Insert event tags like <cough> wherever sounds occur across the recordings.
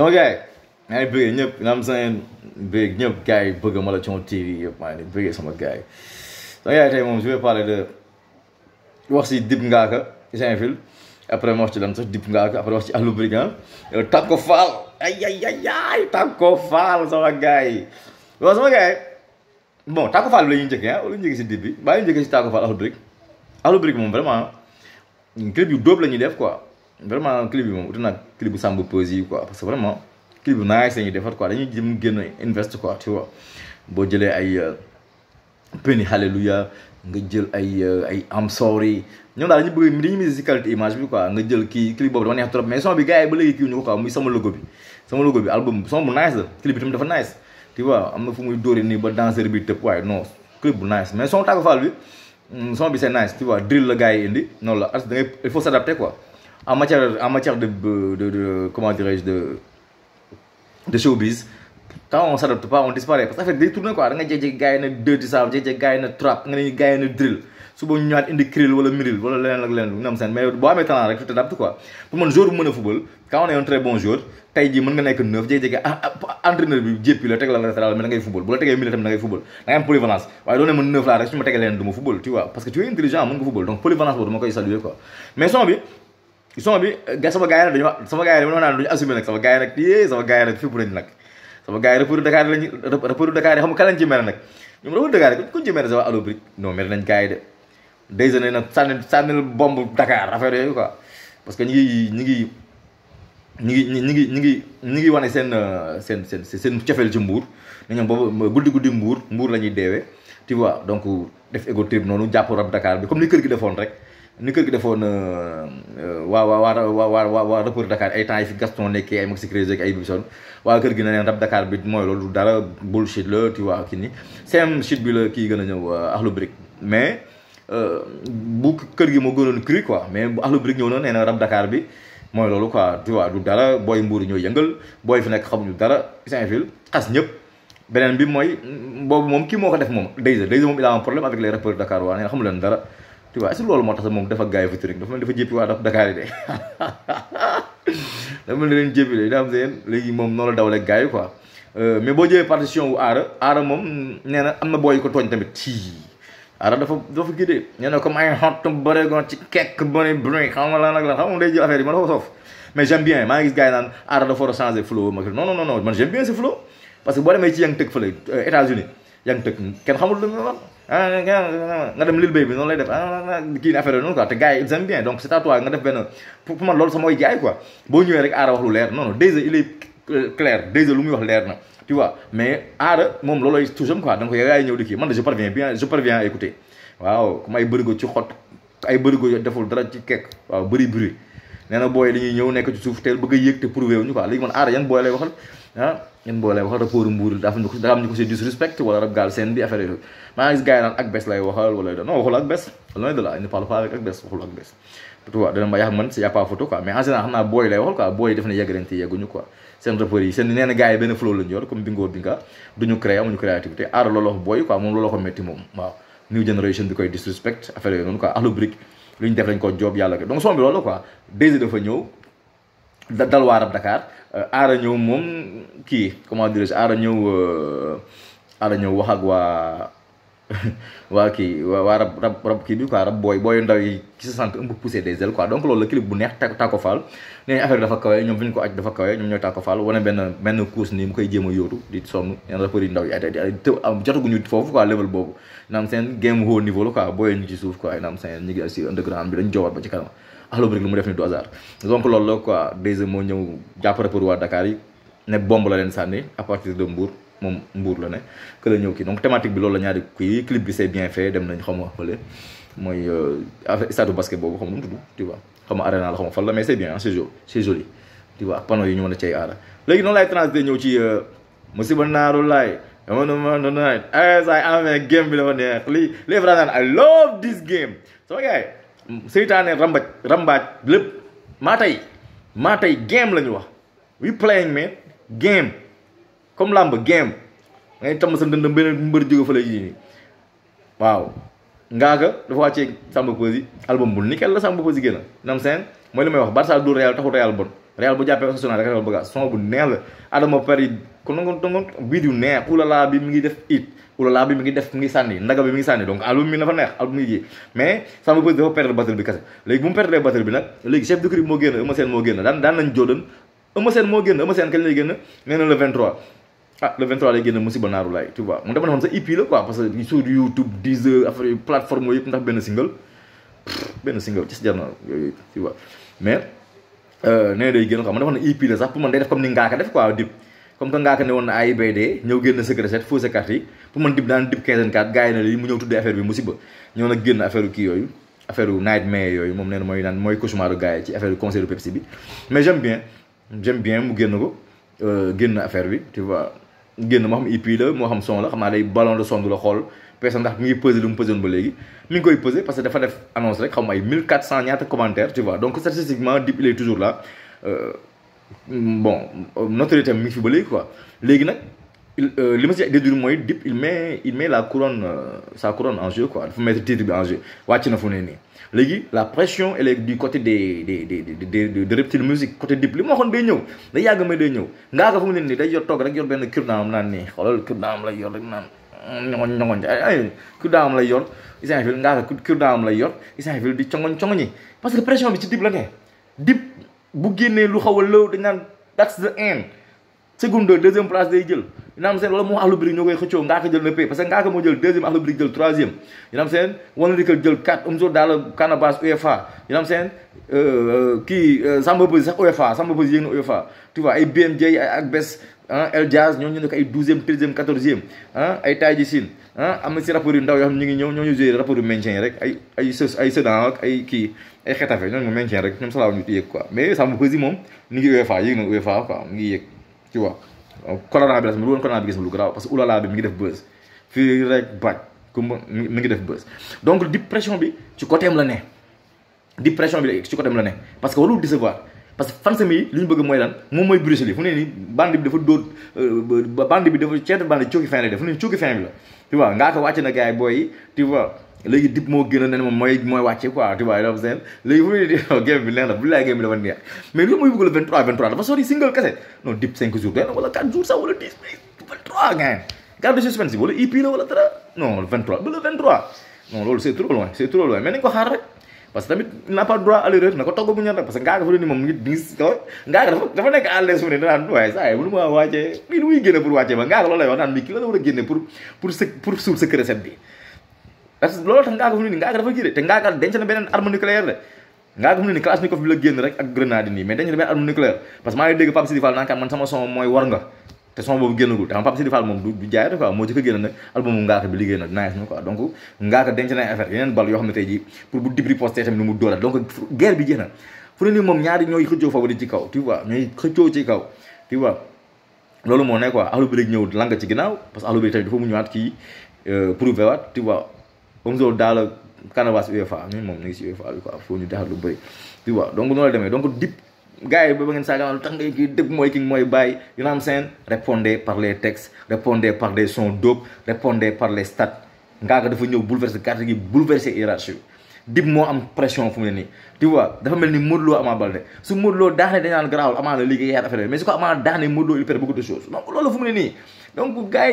sama gars yi maa ngi bëggee ñëpp naam seen bëgg ñëpp gars yi bëgg Mala Thion TV yëpp maa ngi bëggee sama gars yi sama gars moom je vais parler de wax si Dip Ngaaka ci fil après ma wax ci lan sax Dip Ngaaka après wax ci Akhlou Brick Tacko Fall ay ay ay ay Tacko Fall sama gars yi waaw sama gars bon Tacko Fall bi la ñuy njëkkee ah lu ñu njëkkee si Dip bi baa ñu njëkkee si Tacko Fall Akhlou Brick Akhlou Brick moom vraiment clip yu doob la ñuy def quoi vraiment clip bi moom uti nag clip bu Samba Peuzzi yi quoi parce que vraiment clip bu nice la ñuy defar quoi dañuy jëm génn invest quoi tu vois euh, nga jël ay euh, ay am sorry bëgg dañuy image bi quoi nga jël kii clip boobu dafa neex trop mais son bi gars yi ba léegi kii ñu ko quoi muy sama logo bi sama logo bi album son bu nice la clip bi tamit dafa nice tu vois am na fu muy dóoree nii ba danseur bi tëb waaye non clip bu nice mais son Tàggu Fall bi mm, son bi c'est nice tu vois drill la gars indi noonu la as da il faut s'adapter quoi en matière, en matière de, comment dirais-je, de, showbiz, quand on s'adapte pas, on disparaît. Parce ça fait des quoi. drill. Suba ñu indi krill wala miril wala leneen sen mais bo amé talent rek tu t'adaptes quoi. Pour mon football, quand on est un très bon joueur, entraîneur football. football. polyvalence. football, Parce que tu es intelligent, es football. Donc polyvalence bo Mais son bi sama gars yi nag dañoo sama gars yi nag maanaam dañu assumé nag sama gars yi nag yee sama gars yi nag fépp nañ nag sama gars yi rapport Dakar lañu rapport Dakar yi xam nga kan lañ ci mere nag ñoom rapport Dakar yi kuñ ci mere sama Akhlou Brick non mere nañ gars yi de déjà ne nag sànni sànnil bomb Dakar affaire yooyu quoi parce que ñu ngi ñu ngi ñu ngi ñu ngi ñu ngi ñu ngi wane seen seen seen seen cofeel ci mbuur ne ñoom boobu guddi guddi mbuur mbuur la ñuy deewee tu vois donc def égo trip noonu jàpp rab Dakar bi comme ni kër gi defoon rek ni kër gi defoon euh, waa waa waa waa waa waa rapport Dakar ay temps yi fi Gaston nekkee ay Maxi Crézé ak ay Bibi Sow waa kër gi na leen rap Dakar bi mooy loolu dara bullshit la tu vois kii nii seen shit bi la kii gën a ñëw euh, Akhlou Brick mais euh, bu kër gi moo gënoon cru quoi mais bu Akhlou Brick ñëw na nee na rap Dakar bi mooy loolu quoi tu vois du dara booy mbuur ñoo yëngal booy fi nekk xamuñu dara Saint-Ville xas ñëpp beneen bi mooy boobu moom kii moo ko def moom Dayza Dayza moom il a un problème avec les rappeurs Dakar waa nee na xamu leen dara tu vois est loolu moo tax moom dafa gaay featuring dafa mel dafa jéppi waa daf Dakar <laughs> de dafa mel leen jéppi de daa am léegi moom noonu la dawale gaay yi quoi euh, mais boo jëlee partition wu aara moom nee na am na booy ko tamit ci aara dafa dafa gidee nee na bien maa ngi gis gars naan dafa war a changer flow mag non non non man j'aime bien ce flow parce boo demee ci yang tëg fële euh, États-Unis yaa ngi tëgg kenn xamul lu mu lil bay bi noonu lay def kii affaire yooyu noonu quoi te gars yi ils aiment bien donc c'est nga def benn pour man loolu sa mooy jaay quoi boo ñëwee rek aara wax lu leer non non déjà il est clair déjà lu muy wax leer na tu vois mais aara moom loolooy toujours quoi donc yaa ngi ñëw di kii man de je parviens bien je parviens à écouter waaw comme ay bërigo ci xott ay bërigo deful dara ci kekk waaw bëri bruit nee na booy dañuy ñëw nekk ci suuf teel bëgg yëg te prouvé wuñu quoi léegi man aara yan booy lay mboolay waxal rapport Mbour dafa ñu ko dafa am ñu si disrespect wala rab gaal seen bi affaire yooyu maa ngi gis gars yi ak bes lay waxal wala non waxul ak wax loolu ko métti moom new generation bi koy disrespect affaire yooyu noonu quoi ahlu brique lu ñu def lañ ko joob yàlla donc son bi loolu quoi désir dafa ñëw dalwaarab dakaar euh, aara ñëw moom kii comment dirais-je aara ñëw euh, aara ñëw wax ak waa <laughs> waa kii waa rab rab kii bi quoi rab booy booy ndaw yi ci sa sant un peu poussé des ailes quoi donc loolu la clip bu neex Taco Fall nee nañ affaire dafa kawe ñoom fi ñu ko aj dafa kawe ñoom ñooy Taco Fall wane benn benn course nii mu koy jéem a yóotu di sonn yenn rappeurs yi ndaw yi ay të jotaguñu foofu quoi level boobu naam seen game haut niveau la quoi booyee ñu ci suuf quoi naam seen bi dañu joowaat ba ci kanam Akhlou Brick lu mu def ni du hasard donc loolu la quoi Désiré moo ñëw jàppale pour waa Dakar yi ne bomb la leen sànni à de Mbour moom Mbour la ne que la ñëw kii donc thématique bi loolu la ñaari kii clip bi c'est bien fait dem nañ xaw ma mooy stade basket boobu xam nga nu mu tudd tu vois xam nga arena la xam nga fan la mais c'est bien c'est joli c'est joli tu yi ñu mën a cay aara léegi noonu laay transiter ñëw ci musiba naaru laay dama ne ma ne ma ay saa bi dafa neex lii lii I love this seytaane rambaj rambaaj lépp maa tey maa tey game la wax we playing man game comme làmb game ngay tam sa ndënd beneen mbër jóge fa la ji nii waaw Ngaaka dafa wàccee Samba Peuzzi album bu nickel la Samba Peuzzi génn nam seen mooy li may wax Barça du Real taxu Real bon Real bu jàppee la Adama kon nga doon ngi def it ngi def mi ngi na le 23 ah le 23 lay génn musiba naaru e YouTube Deezer affaire plateforme yëpp ndax benn single benn single ci si jar na yooyu tu vois mais Euh, nee day génn quoi man dafa ne IP e la sax pour man day def comme ni Ngaaka def quoi dip comme que Ngaaka ne woon na AIBD ñëw génn secret set fausse carte yi pour man dip daan dip 15 4 gars yi lii mu ñëw tuddee affaire bi musiba ñëw nag génn affaire kii yooyu affaire nightmare yooyu moom nee mooy naan mooy cauchemar gars ci affaire conseil bi mais j'aime bien j'aime bien mu génn ko euh, génn affaire bi tu vois génn moo xam IP e la moo xam son naa day ballon la xool peese ndax mi ngi pesé lu mu pesé ba léegi mi ngi koy poser parce que dafa def annonce rek xaw ay 1400 ñaata commentaires tu vois donc statistiquement Dip il est toujours là euh, mm, bon notoriété mi ngi fi ba quoi léegi il euh, li ma des déduire mooy Dip il met il met la couronne euh, sa couronne en jeu quoi faut mettre titre en jeu wàcc na fu ne nii la pression elle est du côté des des des des de Reptyle musique côté Dip li mo xone day ñew day yàgg may day ñëw ngaa ko fu ne ni day yor toog rek yor ben cure-dent am nan ni xolal cure am la yor rek nan ñoŋoñ ñoŋoñ ay ay kur daamam lay yor Issaoui Ville ngaa ko kur daamam lay di coŋoñ coŋoñi parce que pression bi ci dib la ne dib bu génnee lu xaw a lëw dañ naan that's the end seconde deuxième place day jël yinaam seen wala moo Akhlou Brick ñoo koy xëccoo ngaa ko jël na pay parce que ngaa ko moo jël deuxième Akhlou Brick jël troisième yinaam seen wana dikal jël quatre Omzo Dollar Canabas UEFA yinaam seen kii Samba Peuzzi sax UEFA Samba Peuzzi yéeg na UEFA tu vois ay BMJ ay ak bes ah El Diaz ñoo ñu nekk ay douzième treizième quatorzième ah ay Taïji Sine ah, am na si rapport ndaw yoo xam ngi ñëw ñoo ñu joué rapport yu rek ay ay sës ay Sedan ay kii ay Xetafe ñooñu mu maintien rek ñoom salaaw ñu yëg quoi mais Samba Peuzzi moom ni ngi UEFA yëg na UEFA quoi mu ngi yëg tu vois oh, corona bi la sama lu mi ngi def buzz fii rek baaj ku mu ngi def buzz donc di bi ci côté am la ne di pression bi ci côté am la ne parce que warul parce que fansam yi li ñu bëgg mooy lan moom mooy Bruce Lee fu ne nii bande bi dafa dóor euh, bande bi dafa ceet bande cooki fin lay fu ne cooki fin bi la tu vois ngaa na gars yi booy yi tu vois dip moo gën a ne moom mooy mooy wàcce quoi tu vois daf seen léegi fu ne <laughs> game bi neex na bu laay game bi dafa neex mais lu muy bëgg le 23 23 dafa sori single kese non dip 5 jours doy na wala 4 jours sax wala 10 23 garde suspense parce que tamit n'a pas droit à l'erreur nako ko togg bu rek parce que ngaa punya fa ni mom ngi diis ko ngaa dafa nek à l'aise fu ne way waaye saa yi ma wacce bi lii muy gëna pour wacce ba ngaa lolay wax naan mi ki la wara a pour pour pour sur ce recette bi parce que lolou tax ngaa nga ni ngaa dafa kii de te ngaa nga denc na benen arme nucléaire de ngaa nga ni classe kalashnikov bi la génn rek ak grenade ni mais denc na benen arme nucléaire parce que ma ngi dégg Pape sidifal Fall man sama son moy war nga te son boobu génnagul te xam Pape Sidi Fall moo jëkk génn nag album mu Ngaaka bi liggéey na nice na quoi donc Ngaaka denc na affaire yeneen bal yoo xam ne tey pour bu dibri posté tamit nu mu dóoraat donc guerre bi jeex nii moom ñaari ñooy xëccoo favori parce que Akhlou Brick tamit dafa mu ñëwaat euh, bi quoi foo ñu dexal lu bëri tu noonu la demee donc dip gars yi ba ngeen saaga lu tax ngay kii dëgg mooy ki mooy bàyyi you know what par les textes répondez par des sons dope répondez par les stats Ngaaka dafa ñëw bouleverser carte gi bouleverser hiérarchie Dip moo am pression fu nii tu vois dafa mel ni Modou Lo Ama Baldé su Modou daanee dañu naan garaawul Ama la liggéey yaay affaire mais su ko Ama daanee Modou il perd beaucoup de choses donc loolu fu mu ne nii donc gars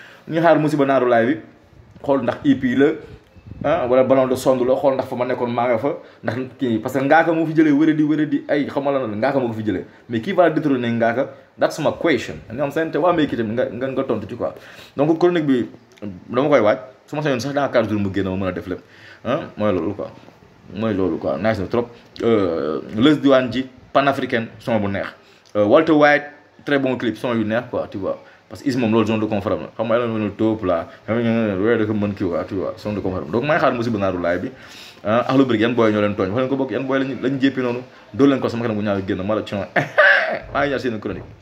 ñu xaar musiba naaru laay bi xool ndax EP la ah wala ballon de sonde la xool ndax fa ma nekkoon maa nga fa ndax kii parce que ngaaka moo fi jëlee wéradi wéradi ay xamal la ngaaka moo ko fi jëlee mais kii va détrôner ngaaka that's my question nga xam seen te nga nga tontu ci donc chronique bi dama koy waaj su ma sañoon sax dans quatre jours mu génn ma mën a def lépp ah mooy loolu quoi mooy loolu quoi nice na trop euh, Leuz Diwane ji panafricaine son bu neex euh, Walter White très bon yu neex quoi tu parce que is moom loolu zone la xam nga ay loolu top la xam nga weer da ko mën donc maay xaar musiba naaru laay bi ahlu birik yan booy ñoo leen tooñ yan booy lañ lañ noonu doolu ko sama kanam bu ñaaw génn ma la ci noonu maa